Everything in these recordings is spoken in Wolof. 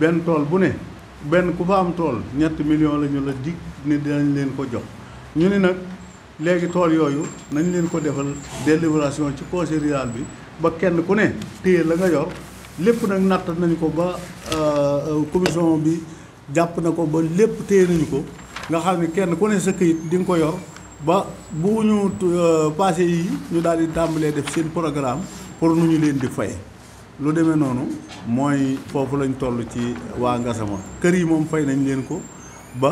benn tool bu ne benn ku fa am tool ñett million la ñu la dig ni dinañ leen ko jox ñu ni nag léegi tool yooyu nañ leen ko defal délibération ci conseil rural bi ba kenn ku ne téye la nga yor lépp nag natt nañu ko ba euh, euh, commission bi jàpp na ko ba lépp téye nañu ko nga xam ni kenn ku ne sa këyit di ko yor ba bu ñu euh, passé yi ñu daal di tàmbalee def seen programme pour nu ñu leen di fay lu demee noonu mooy foofu lañ toll ci waa Ngasama kër yi moom fay nañ leen ko ba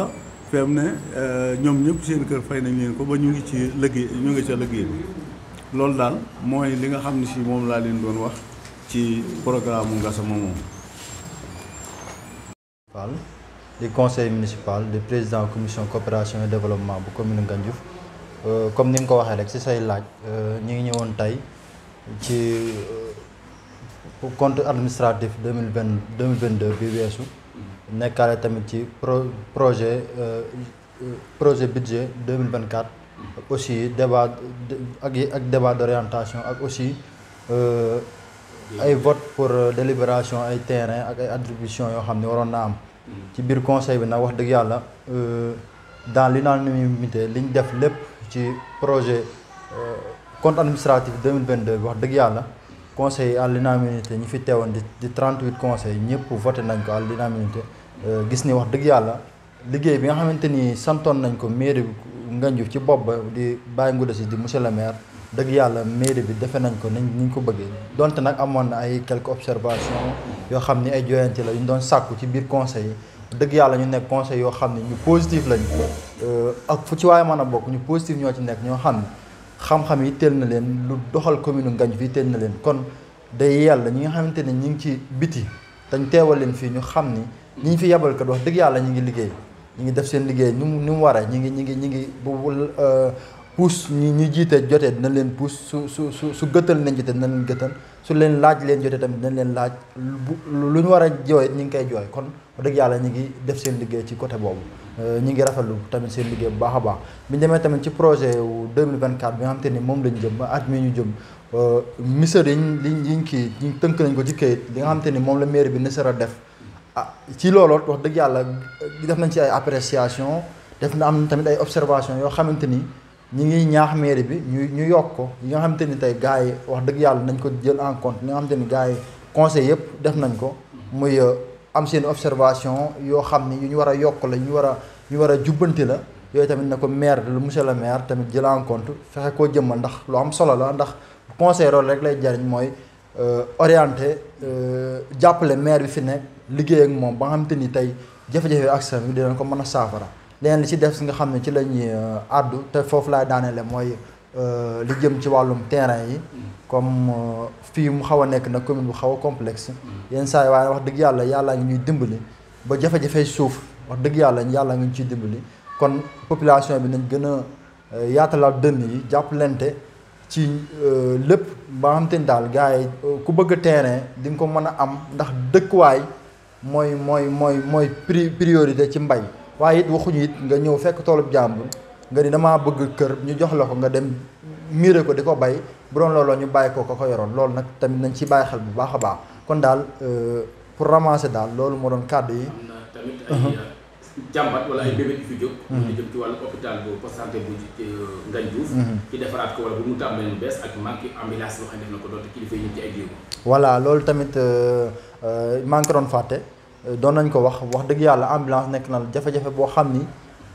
fem ne euh, ñoom ñëpp seen kër fay nañ leen ko ba ñu ngi ci liggéey ñu ngi ca liggéey bi loolu daal mooy li nga xam ne si moom laa leen doon wax ci programme Ngasama moom municipal di conseil municipal di président commission coopération et développement bu commune Ngandiouf euh, comme ni nga ko waxee rek si say laaj euh, ñu ngi ñëwoon tey ci compte administratif 2020-2022 BBSU projet euh, euh, projet budget 2024 aussi débat ak ak débat d'orientation ak aussi euh, ay vote pour délibération ay terrain ak ay attribution yoo xam ne na am. ci le conseil bi nag wax dëgg dans l'unanimité liñ def ci projet compte administratif 2022 2022 conseil à l'unanimité ñi fi teewoon di di 38 conseil ñëpp voté nañ ko à l'unanimité euh, gis ni wax dëgg yàlla liggéey bi nga xamante ni santoon nañ ko nga Nganjuk ci bopp ba di bàyyi nguda si di monsieur le maire dëgg yàlla mairie bi defe nañ ko nañ ñu ko bëggee donte nag amoon na ay quelques observations yoo xam ni ay joyante la ñu doon sàkku ci biir conseil dëgg yàlla ñu nekk conseil yoo xam ne ñu positif lañ euh, ak fu ci waaye mën a bokk ñu positif ñoo ci nekk ñoo xam xam-xam yi teel na leen lu doxal commune Ngandiouf yi teel na leen kon day yàlla ñi nga xamante ne ñi ngi ci biti dañ teewal leen fii ñu xam ni ñi ñu fi yebal ko wax dëgg yàlla ñi ngi liggéey ñi ngi def seen liggéey ñu ni mu waree ñi ngi ñi ngi ñi ngi bu euh, puus ñi ñu jiite jotee dina leen puus su su su su gëtal nañ jotee dina leen su leen laaj leen jotee tamit leen laaj lu ñu war a jooy ñu ngi koy jooy kon wax dëgg yàlla ñu ngi def seen liggéey ci côté boobu Euh, ñi ngi rafetlu tamit seen liggéey bu baax a baax bi ñu demee tamit ci projet wu 2024 bi nga xam ni moom lañ jëm at mi ñu jëm euh, misère yi liñ yiñ kii ñu tënk nañ ko ci kayit li nga xam te ni moom la maire bi ni nisara def ah ci looloo wax dëgg yàlla euh, def nañ ci ay appréciation def na am tamit ay observation yoo xamante ni ñi ngi ñaax maire bi ñu ñu yokk ko yi nga xamante ni tey gars yi wax dëgg yàlla nañ ko jël en compte li nga xamante ni gars yi conseil yëpp def nañ ko muy am seen observation yoo xam ni yu ñu war a yokk la ñu war a ñu war a jubbanti la yooyu tamit na ko maire lu monsieur le maire tamit jël en compte fexe koo jëmmal ndax lu am solo la ndax conseil rek lay jariñ mooy euh, orienté euh, jàppale maire bi fi nekk liggéey ak moom ba nga xamante ni tey jafe-jafe ak sa bi dinañ ko mën a saafara leneen li ci def si nga xam ne ci lañuy euh, àddu te foofu laay daaneele mooy Euh, li jëm ci wàllum terrain yi mm. comme euh, fii mu xaw a nekk nag commune bu xaw a complexe mm. yenn saa yi waaye wax dëgg yàlla yàllaa ngi ñuy dimbali ba jafe-jafey suuf wax dëgg yàlla yàlla ngi ñu ciy dimbali kon population bi nañ gën a euh, yaatalaat dënn yi jàppalante ci lépp ba xam daal gars yi ku bëgg terrain di nga ko mën a am ndax dëkkuwaay mooy mooy mooy mooy pri priorité ci mbay waaye it waxuñu it nga ñëw fekk toolub jàmbur nga ni damaa bëgg kër ñu jox la ko nga dem miire ko di ko bay bu doon looloo ñu bàyyi ko ko ko yoroon loolu nag tamit nañ ci bàyyi xel bu baax baax kon daal euh, pour ramasser daal loolu moo doon kàddu yi. tamit ay uh-huh. euh, jàmbat wala ay bébé uh-huh. euh, uh-huh. ko wala loolu tamit manque doon fàtte doon nañ ko wax wax dëgg yàlla ambulance nekk na jafe-jafe boo xam ni.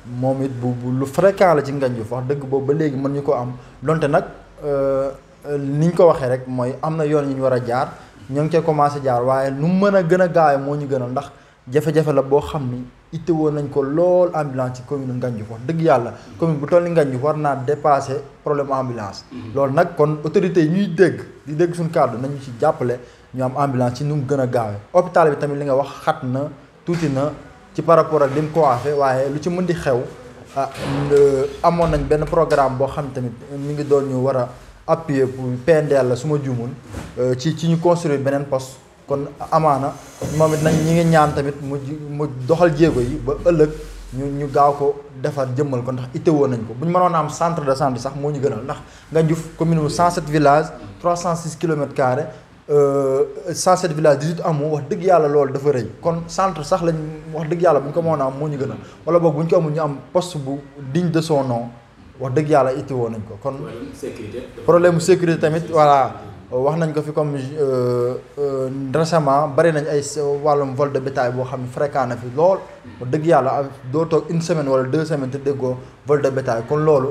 moom it bu bu lu fréquent la ci Nganjouf wax dëgg boobu ba léegi mën ñu ko am donte nag euh, euh, ni ñu ko waxee rek mooy am na yoon yu ñu war a jaar ñoo ngi cee commencé jaar waaye nu mën a gën a gaawee moo ñu gënal ndax jafe la boo xam ni itte nañ ko lool ambulance ci commune Nganjouf wax dëgg yàlla commune bu toll ni Nganjouf war naa dépassé problème ambulance mm-hmm. loolu nag kon autorités yi ñuy dégg di dégg suñu kàddu nañu ci jàppale ñu am ambulance ci nu mu gën a gaawee hôpital bi tamit li nga wax xat na tuuti na ci par rapport ak li mu ko waafee waaye lu ci mën di xew ah amoon nañ benn programme boo xam tamit mi ngi doon ñu war a appuyer pour PNDL la su ma juumul euh, ci ci ñu construire beneen poste kon amaana moom it nañ ñi ngi ñaan tamit mu mu doxal jéego yi ba ëllëg ñu ñu gaaw ko defar jëmmal ko ndax itteewoo nañ ko bu ñu mënoon am centre de santé sax moo ñu gënal ndax Ngandiouf commune village 107 cent 306 kilomètres carrés Euh, cent sept village dix-huit amu wax dëgg yàlla loolu dafa rëy kon centre sax lañ wax dëgg yàlla bu ñu ko mën a am moo ñu gëna a wala boog bu ñu ko amul ñu am post bu digne de son nom wax dëgg yàlla itti woon nañ ko kon problème mu sécurité tamit voilà wax nañ ko fi comme euh, euh, récemment bari nañ ay wàllum vol de bétail boo xam ne fréquent na fi lool. wax dëgg yàlla doo toog une semaine wala deux semaines te déggoo vol de kon loolu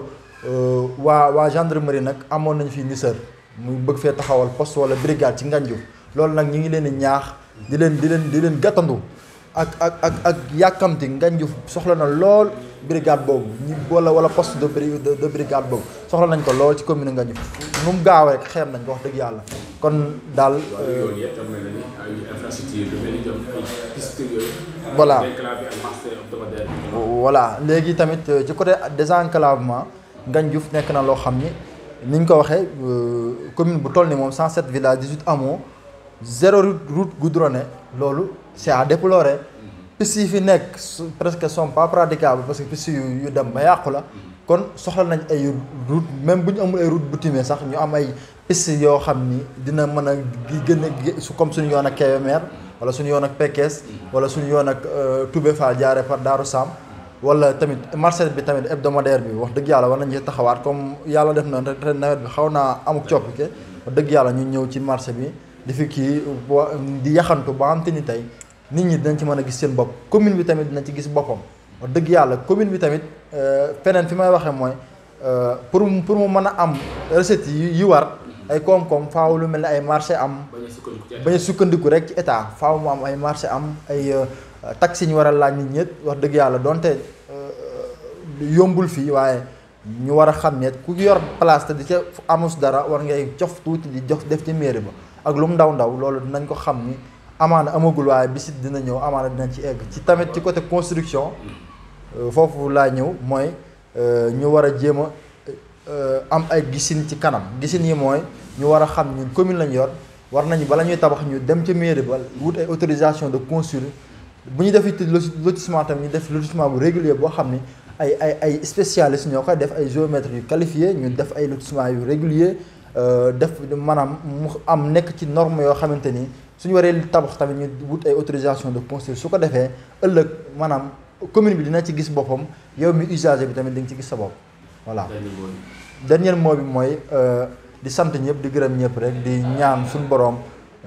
waa waa gendarmerie nag amoon nañ fi niseur mu bëgg fee taxawal poste wala brigade ci Ngandiouf lool nak ñi ngi leen ñaax di leen di leen di leen gàttandu ak ak ak ak yakamti Ngandiouf soxla na lool brigade boobu ñi wala wala poste de de brigade boobu soxla nañ ko lool ci commune Ngandiouf nu mu gaaw rek nañ wax deug yalla kon dal euh, voilà voilà légui tamit euh, ci côté désenclavement Ngandiouf nek na lo xamni ni ñu ko waxee euh, commune bu toll ni moom 107 villages 18 hameaux zéro route goudronnée loolu c'est à déplorer piste yi fi nekk su presque sompa pas parce que piste yu dem ba yàqu la kon soxla nañ ay route même bu ñu amul ay route bu timee sax ñu am ay piste yoo xam ni dina mën a gi gën a comme suñu yoon ak Kébémer wala suñu yoon ak Pekes wala suñu yoon ak euh, Toubé faa jaare par Daaru Sam wala tamit marché bi tamit hebdomadaire bi wax dëgg yàlla war nañu taxawaat comme yàlla def na ren nawet bi xaw naa amuk coppite wax dëgg yàlla ñu ñëw ci marché bi di fi kii di yaxantu ba am te ni tey nit ñi dinañ ci mën a gis seen bopp commune bi tamit dina ci gis boppam wax dëgg yàlla commune bi tamit euh, feneen fi may waxe mooy euh, pour mu pour mu mën a am recettes yi war ay koom-koom faaw lu mel ni ay marché am bañ sukkandiku rek ci état mu am ay marché am ay euh, taxi ñu war a laaj nit ñëpp wax dëgg yàlla donte euh, euh, yombul fii waaye ñu war a xam ne ku yor place te di ca amus dara war ngay cof tuuti di jox def ci mairie ba ak lu mu ndaw ndaw loolu dinañ ko xam ni amaana amagul waaye bisit dina ñëw amaana dinañ ci egg ci tamit ci côté construction euh, foofu laa ñëw mooy ñu war a jéem a am ay gisin ci kanam gisin yi mooy ñu war a xam ñun commune lañu yor war nañu bala ñuy tabax ñu dem ca mairie ba wut ay autorisation de construire bu ñu def it lotissement tam ñu def lotissement bu régulier boo xam ni ay ay ay spécialistes ñoo koy def ay géomètres yu qualifié ñu def ay lotissement yu régulier euh, def maanaam mu am nekk ci norme yoo xamante ni suñu waree tabax tamit ñu wut ay autorisation de construire su ko defee ëllëg maanaam commune bi dina ci gis boppam yow mi usager bi tamit di nga ci gis sa bopp voilà. dernier mot bi mooy euh, di sant ñëpp di gërëm ñëpp rek di ñaan suñu boroom.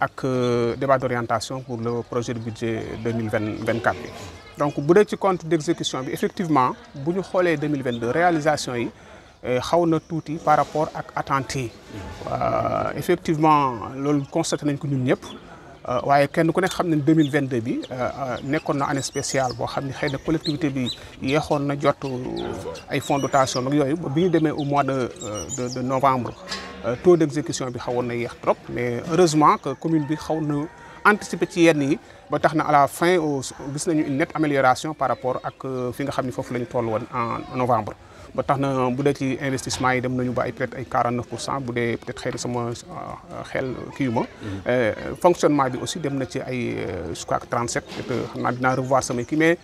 le euh, débat d'orientation pour le projet de budget 2024 donc bu compte d'exécution effectivement si on 2022, 2022 réalisation yi euh, par rapport à l'attenté. Euh, effectivement nous constaté nañ ko ñun ñëpp waaye kenn ku 2022 bi une année spéciale pour xam les collectivité bi na fonds de dotation au mois de novembre euh, taux d'exécution bi xawoon na trop mais heureusement que commune bi xawna anticiper ci yenn yi ba taxna à la fin gis nañu une nette amélioration par rapport ak euh, fi nga xamni fofu lañu toll won en novembre. ba taxna bu dé ci investissement yi dem nañu ba ay peut-être ay 49 bu dé peut-être xëy sama euh, xel kii ma. Mhm. fonctionnement bi aussi dem na ci ay jusqu'à 37 peut-être xam naa revoir sama kii mais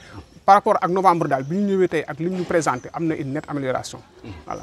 par rapport ak novembre dal bi ñu ñëwee ak li ñu présenté une nette amélioration. Mhm. voilà.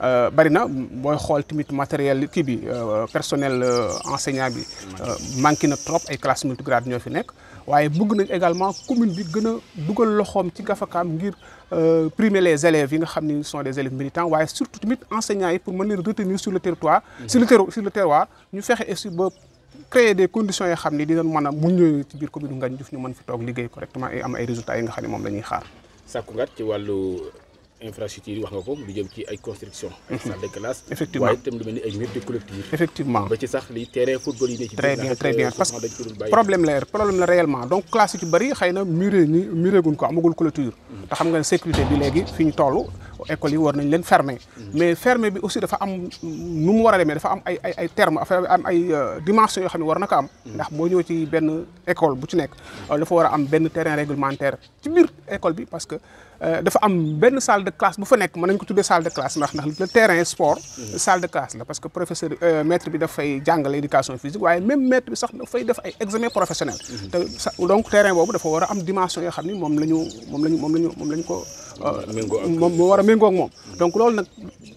Euh, bari na booy xool tamit matériel kii bi euh, personnel euh, enseignant bi manki na trop ay classes multigrade ñofi nek waye bëgg nañ également commune bi gëna duggal loxom ci gafakam ngir primer les élèves yi nga xamni ne sont des élèves méritants waye surtout timit enseignants yi pour mën leen retenir sur le territoire sur le sur le terroir ñu fexé aussi ba créer des conditions yoo xamni di dinañ mën a mu ñëwee ci biir commune ngañ Diouf ñu mën fi tok liggéey correctement et am ay résultats yi nga xamni ne moom la xaar sakku ngat ci walu infrastructure wax nga ko lu jëm ci ay construction mhm. salle de classe effectivement waaye itam lu mel ay mur de collectif effectivement ba ci sax li terrain football yi ne ci très bien très bien euh, parce que problème l'air problème la réellement donc classe ci bari xeyna muré ni muré guñ ko amagul clôture mhm. te xam nga sécurité bi légui fi ñu école yi war nañ leen fermer mais fermer bi aussi dafa am nu mu war a demee dafa am ay ay ay terme am ay euh, dimension yoo xam ne war na ko am ndax boo ñëw ci benn école bu ci nekk euh, dafa war a am benn terrain réglementaire ci biir école bi parce que euh, dafa am benn salle de classe bu fa nekk mën nañ ko tuddee salle de classe ndax ndax le terrain sport salle de classe la parce que professeur maître bi fay jàngale éducation physique waaye même maître bi sax fay def ay examen professionnel te donc terrain boobu dafa war a am dimension yoo xam ni moom la ñu moom la ñu moom la ñu moom la ñu ko moom war a donc le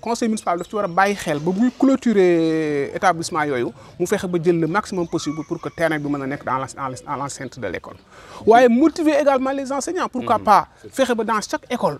conseil municipal de ci wara a xel clôturer établissement yoyu mu le maximum possible pour que terrain bi mëna dans l'enceinte de l'école waaye motiver également les enseignants pourquoi mmh. pas fexé ba dans chaque école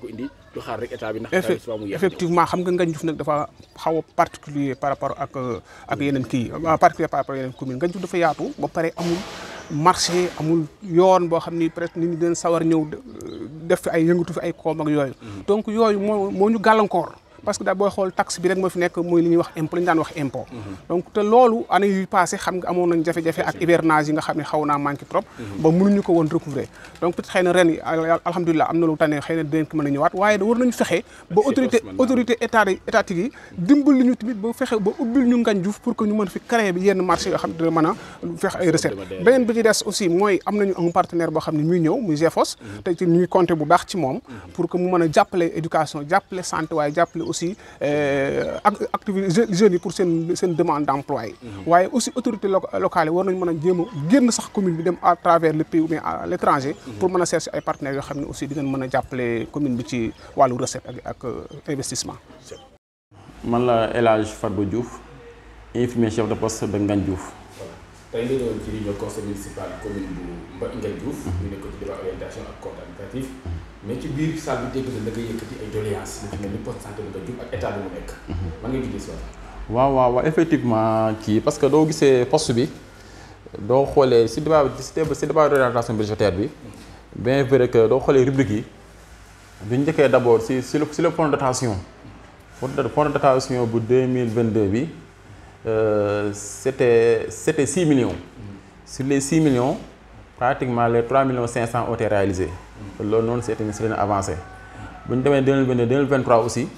ko indi du xaar rek état bi effectivement xam nga Ngagne Diouf nag dafa xaw a particulier par rapport ak ak yeneen kii ah, particulier par rapport yeneen commune Ngagne Diouf dafa yaatu ba pare amul marché amul yoon boo xam ni presque nit ñi den sawar ñëw def fi ay yëngatu fi ay koom ak yooyu mm-hmm. donc yooyu moo moo ñu gàllankoor parce que daal booy xool taxe bi rek moo fi nekk mooy li ñuy wax impôt li ñu wax impôt donc te loolu année yu passé xam nga amoon jafé jafé ak hivernage yi nga xam ne xaw trop ba mënuñu ko woon recouvrer donc peut-être xëy na ren yi alhamdulilah am na lu tane xëy na dinañ ko mën a ñëwaat waaye war nañu fexe ba autorité autorité état étatique yi dimbal li ñu tamit ba fexe ba ubbil ñu ngañ pour que ñu mën fi créer bi yenn marché yoo xam dina mën a ay recette beneen bi ci des aussi mooy am un partenaire boo xam ne muy ñëw muy GFOS mhm. te ñu ngi compté bu baax ci moom mhm. pour que mu mën a éducation jàppale santé waaye jàppale aussi les euh, jeunes pour seen seen demande d'emploi. emploi yi mhm. aussi autorité locale yi war nañ a jéem sax commune bi à travers le pays ou bien à l' mhm. pour mën chercher ay partenaires yoo xam aussi dinañ mën a commune bi ci wàllu recette ak ak euh, investissement man la Elage Fadbo Diouf infirmier chef de poste de Ngagne Diouf tey ñu doon ci réunion conseil municipal commune de Ngagne Diouf mhm. ñu nekk ci bureau orientation ak coordinatif mais ci ça bi dégg la nga yëkëti ay doléances ci melni poste santé nga l'état ak état bi mu nekk ma ngi wa wa wa effectivement parce que do gisé poste bi do xolé ci débat ci débat de la d'orientation budgétaire bi bien vrai que do xolé rubrique yi buñu d'abord ci ci le, le fonds de dotation fonds de fonds de dotation de 2022 bi euh, c'était 6 millions. Mm-hmm. Sur les 6 millions, pratiquement les 3 500 ont été réalisés loolu noonu c'est une avancée 2023 aussi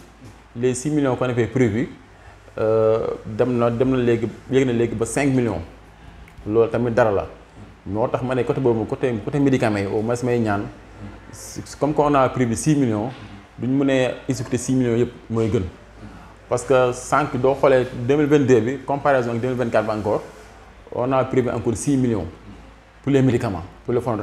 les 6 millions qu'on avait prévus euh, dem na 5 millions loolu tamit dara la moo médicaments au comme qu'on a prévu 6 millions duñ avons exécuter 6 millions parce que en 2022 bi comparaison avec 2024 encore on a prévu encore 6 millions pour les médicaments pour les fonds de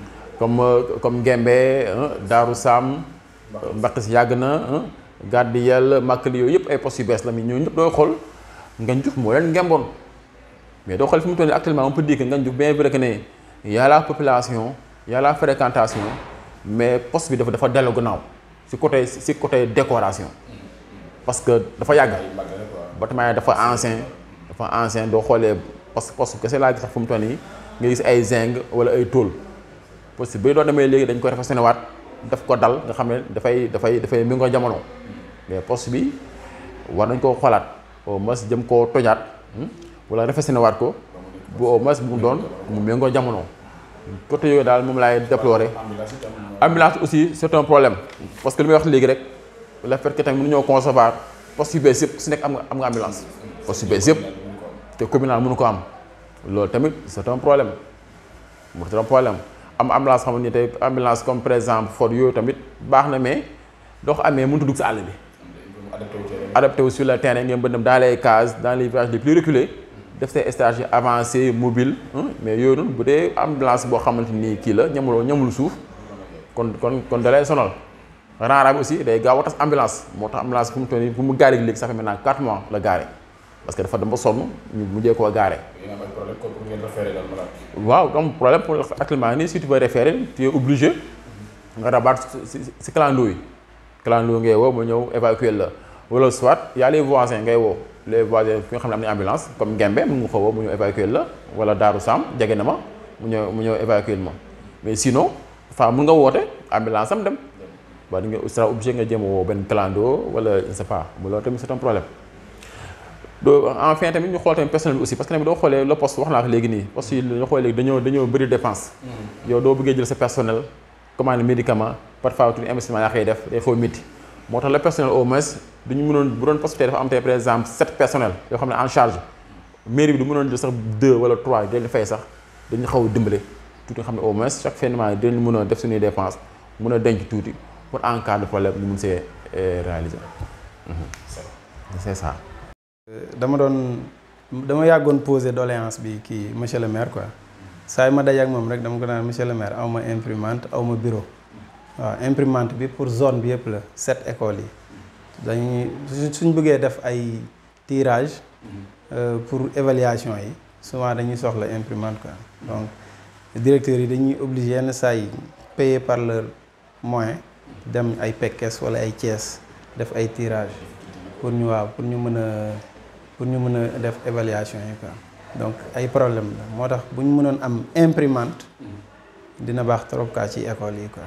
comme euh, comme Gembe hein, Daaru Saam Mbaqis yàgg na hein, Gardiyel Màkkali yooyu yëpp ay postes yu la mi ñooñu ñëpp dooy xool Ngagne Diouf moo mais doo xool fi mu actuellement on peut dire que Ngagne bien vrai que ne y a la population y a la fréquentation mais poste bi dafa dafa non, c'est côté c'est côté décoration parce que dafa yàgg bâtiment yi dafa ancien dafa ancien doo xoolee poste poste que c'est gis sax fu mu toll il y a ay zinc wala ay tôle parce que bu doon demee léegi dañ ko rafetlu ne waat daf ko dal nga xam ne dafay dafay dafay mi nga jamono mais poste bi war nañ koo xoolaat au moins jëm koo tojaat hmm, wala rafetlu ne waat ko bu au moins bu mu doon mu méngoo jamono côté yooyu daal moom laay déplorer. ambulance aussi c'est un problème parce que li may wax léegi rek la fait que tamit ñoo concevoir poste bi bees yëpp su nekk am nga am nga ambulance poste bi bees yëpp te communal mënu ko am loolu tamit c'est un problème c'est un problème am ambulance xamante ni tey ambulance comme par exemple Ford yooyu tamit baxna mais dox amé amee mënut a dugg bi. adapté sur le terrain ngeen bëgg dem dans les cases dans les villages les plus reculés def ces stages avancés mobiles hein, mais yooyu noonu bu dee ambulance bo xamante ki la ñamuloo ñamul suuf kon kon kon dalay sonal. rang aussi day gaaw tas ambulance motax ambulance fu mu toni nii fu mu garé léegi ça fait maintenant 4 mois la garé parce que dafa dem ba sonn ñu mujjé ko garé yéen a problème pour ngeen référer waaw donc problème pour actuellement si tu veux référer tu es obligé nga rabat si si clando yi clando ngay woo mu ñëw évacuer la wala soit y a les voisins ngay wo les voisins fi nga xam na ambulance comme Ngembe mu ngi ko woo mu ñëw évacuer la wala daru Sam djégé na ma mu ñëw mu ñëw évacuer ma mais sinon fa mu nga woté ambulance am dem. ba di nga sera obligé nga jéem a woo benn clando wala je sais pas bu lo tamit c'est un problème en enfin tamit ñu xol tamit personnel aussi parce que tamit do xolé le poste wax naa ko léegi nii poste yi dañoo xoolee léegi dañoo dañoo bëri dépense. Mm-hmm. yow do bëggee jël sa personnel commande médicament parfois tuuti investissement yaa koy def des foo métti motax le personnel au moins duñu mënon bu doon poste dafa am tey par exemple sept personnel yo xamné en charge mairie bi du mënon jël sax 2 wala 3 dañ fay sax dañu xaw a tout tuuti nga xam au moins chaque fin de mois dañu mënon def suñu dépense mëna denc touti pour en cas de problème ñu mënse euh, réaliser. c'est ça. Je vais poser bi le maire quoi le imprimante ou bureau imprimante pour zone bi la sept écoles tirage mhm. euh, pour évaluation yi souvent soxla imprimante donc directeurs sont obligés obligé payer par leur moyen dem ay des pour nous pour pour ñu mën a def évaluation yi quoi donc ay problème la moo tax bu ñu mënoon am imprimante dina baax trop quoi ci école yi quoi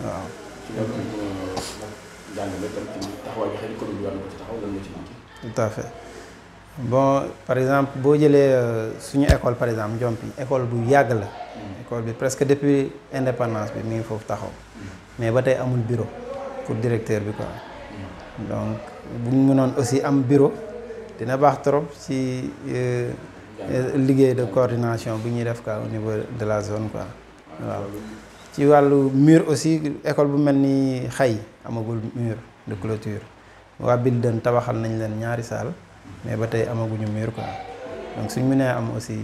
waaw. Euh, tout à fait bon par exemple boo jëlee euh, suñu école par exemple Ndiompi école bu yàgg la. Mm. école bi presque depuis indépendance bi mi ngi foofu taxaw. Mm. mais ba tey amul bureau pour directeur bi quoi. Mm. donc bu ñu aussi am bureau dina bax trop ci euh, euh, liggéey de coordination bu ñuy def quoi au niveau de la zone quoi waaw ci walu mur aussi école bu melni ni xay amagul mur de clôture wa Bilden tabaxal nañ len ñaari salle mais batay amaguñu mur quoi donc suñu mënee am aussi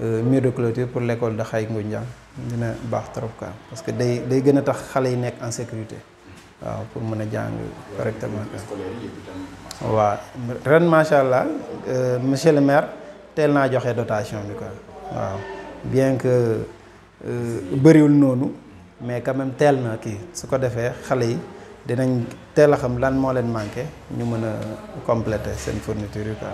euh, mur de clôture pour l'école de xay Ngunjaan dina bax trop quoi parce que day day gëna tax xalé yi nek en sécurité waaw pour mën a jàng correctement wa ren macha allah euh, monsieur le maire tel na joxe dotation bi quoi wa bien que beuriwul nonou mais quand même tel na ki su ko defee xale yi dinañ tel xam lan mo len manqué ñu mëna compléter sen fourniture quoi.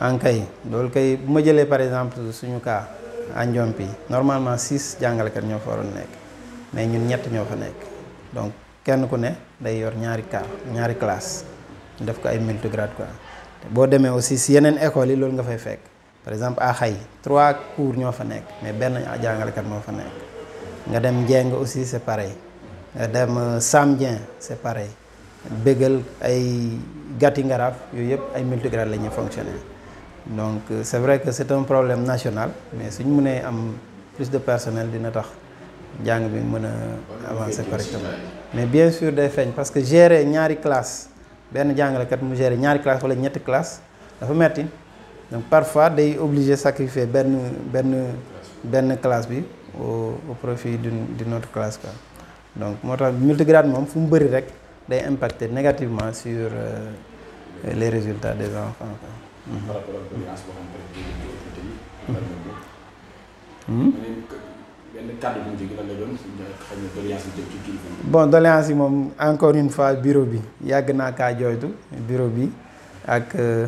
en kay loolu kay buma ma par exemple suñu cas anjompi normalement 6 jangal kat ñoo foron nek mais ñun ñett ñoo fa nekk donc kenn ku ne day yor ñaari car ñaari classe ñu def ko ay multigrade quoi boo demee aussi si yeneen écoles yi loolu nga fay fekk par exemple à Xay trois cours ñoo fa nekk mais benn jàngalekat moo fa nekk nga dem Njeng aussi c'est pareil nga dem euh, Sam Dieng c'est pareil bégal ay gati ngaraaf yooyu yëpp ay multigrade la ñuy fonctionner donc euh, c'est vrai que c'est un problème national mais suñ mënee am plus de personnel dina tax jang bi mën avancer correctement mais bien sûr day feeñ parce que gérer ñaari classe Ben jangale kat mu gérer ñaari classe wala ñetti classe dafa metti donc parfois day obligé sacrifier ben ben ben classe bi au au profit d'une notre autre classe quoi donc moo multigrade mom fu mu rek day impacter négativement sur euh, les résultats des enfants quoi. kàddu gi mujj bon doléance yi moom encore une fois bureau bi yàgg naa kaa jooytu bureau bi ak euh,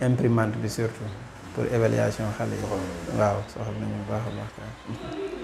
imprimante bi surtout pour évaluation xale yi. waaw soxal nañu bu baax a baax.